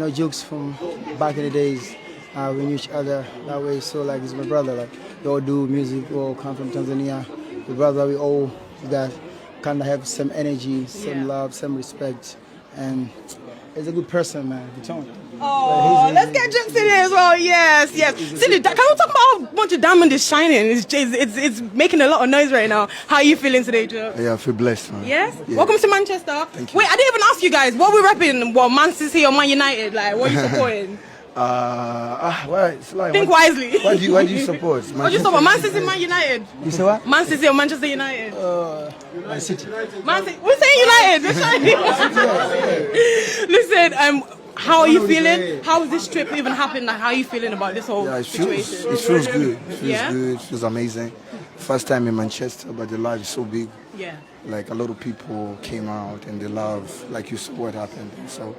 know, jokes from back in the days. Uh, we knew each other that way. So like, he's my brother. Like, we all do music. We all come from Tanzania. The brother, we all that kind of have some energy, some yeah. love, some respect, and he's a good person, man. Vitone. Oh, let's get in City as well. Yes, yes. City, can we talk about bunch of diamond is shining. It's, it's, it's making a lot of noise right now. How are you feeling today, Joe? Yeah, I feel blessed, man. Yes? Yeah. Welcome to Manchester. Thank you. Wait, I didn't even ask you guys, what are we repping? What, Man City or Man United? Like, what are you supporting? Uh, ah, well, it's like, Think what, wisely. What do you, what do you support? Manchester what do you support? Man City, Man United. You say what? Man City or Manchester United? Uh, United. Man City. We're saying United. We're saying. Listen, um, how are you feeling? How is this trip even happening? Like, how are you feeling about this whole yeah, it feels, situation? It feels good. It feels yeah? good. It feels amazing. First time in Manchester, but the love is so big. Yeah. Like a lot of people came out and they love, like you saw what happened. So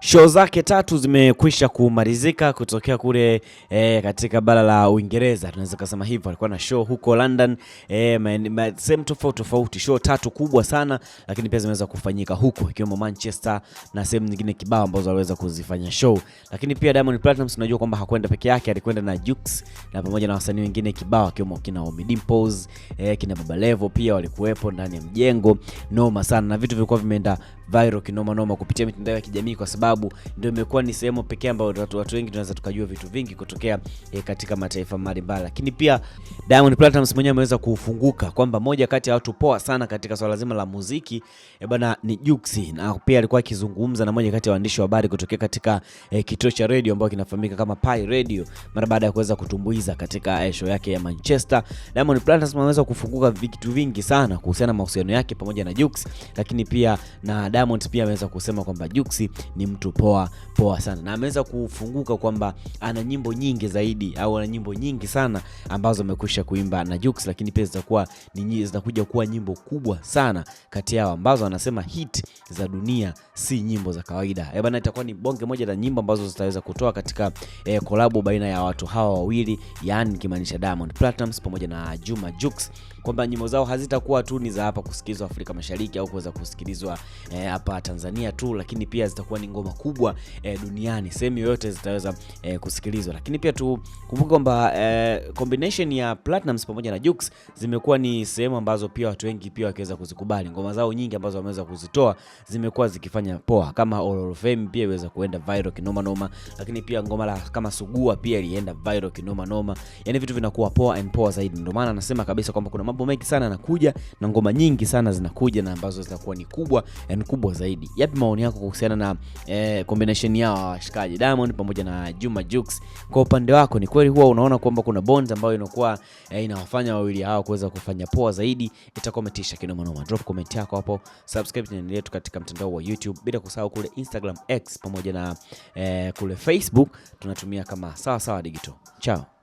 Show zake tatu zimekwisha kumalizika kutokea kule e, katika bara la Uingereza, tunaweza kusema hivyo. Alikuwa na show huko London eh, e, sehemu tofauti tofauti, show tatu kubwa sana, lakini pia zimeweza kufanyika huko ikiwemo Manchester na sehemu nyingine kibao ambazo aliweza kuzifanya show. Lakini pia Diamond Platnumz tunajua kwamba hakwenda peke yake, alikwenda na Jux na pamoja na wasanii wengine kibao, akiwemo kina Ommy Dimples e, kina Baba Levo pia walikuwepo ndani ya mjengo, noma sana na vitu vilikuwa vimeenda viral kinoma noma kupitia mitandao ya kijamii, kwa sababu ndio imekuwa ni sehemu pekee ambayo watu, watu wengi tunaweza tukajua vitu vingi kutokea eh, katika mataifa mbalimbali. Lakini pia Diamond Platnumz mwenyewe ameweza kufunguka kwamba moja kati ya watu poa sana katika swala zima la muziki eh, bana ni Jux, na pia alikuwa akizungumza na moja kati ya waandishi wa habari kutokea katika eh, kituo cha radio ambayo kinafahamika kama Pi Radio mara baada ya kuweza kutumbuiza katika eh, show yake ya Manchester. Diamond Platnumz ameweza kufunguka vitu vingi sana kuhusiana na mahusiano yake pamoja na Jux, lakini pia na Diamond pia ameweza kusema kwamba Jux ni mtu poa poa sana, na ameweza kufunguka kwamba ana nyimbo nyingi zaidi au ana nyimbo nyingi sana ambazo amekwisha kuimba na Jux, lakini pia zitakuwa zitakuja kuwa nyimbo kubwa sana kati yao ambazo anasema hit za dunia, si nyimbo za kawaida. Eh bana, itakuwa ni bonge moja la nyimbo ambazo zitaweza kutoa katika eh, kolabo baina ya watu hawa wawili, yani kimaanisha Diamond Platnumz pamoja na Juma Jux, kwamba nyimbo zao hazitakuwa tu ni za hapa kusikilizwa Afrika Mashariki au kuweza kusikilizwa eh, hapa Tanzania tu, lakini pia zitakuwa ni ngoma kubwa e, duniani, sehemu yoyote zitaweza e, kusikilizwa. Lakini pia tukumbuke kwamba e, combination ya Platinum pamoja na Jux zimekuwa ni sehemu ambazo pia watu wengi pia wakiweza kuzikubali ngoma zao nyingi ambazo wameweza kuzitoa zimekuwa zikifanya poa, kama All of Fame pia iweza kuenda viral kinoma noma, lakini pia ngoma la kama Sugua pia ilienda viral kinoma noma, yani vitu vinakuwa poa and poa zaidi. Ndio maana anasema kabisa kwamba kuna mambo mengi sana yanakuja na ngoma nyingi sana zinakuja na ambazo zitakuwa ni kubwa and kubwa kubwa zaidi. Yapi maoni yako kuhusiana na eh, combination yao wa washikaji Diamond pamoja na Juma Jux? Kwa upande wako, ni kweli huwa unaona kwamba kuna bonds ambayo inakuwa eh, inawafanya wawili hao kuweza kufanya poa zaidi? Itakuwa imetisha kinoma Drop comment yako hapo, subscribe channel yetu katika mtandao wa YouTube, bila kusahau kule Instagram X pamoja na eh, kule Facebook tunatumia kama sawa sawa digital. Chao.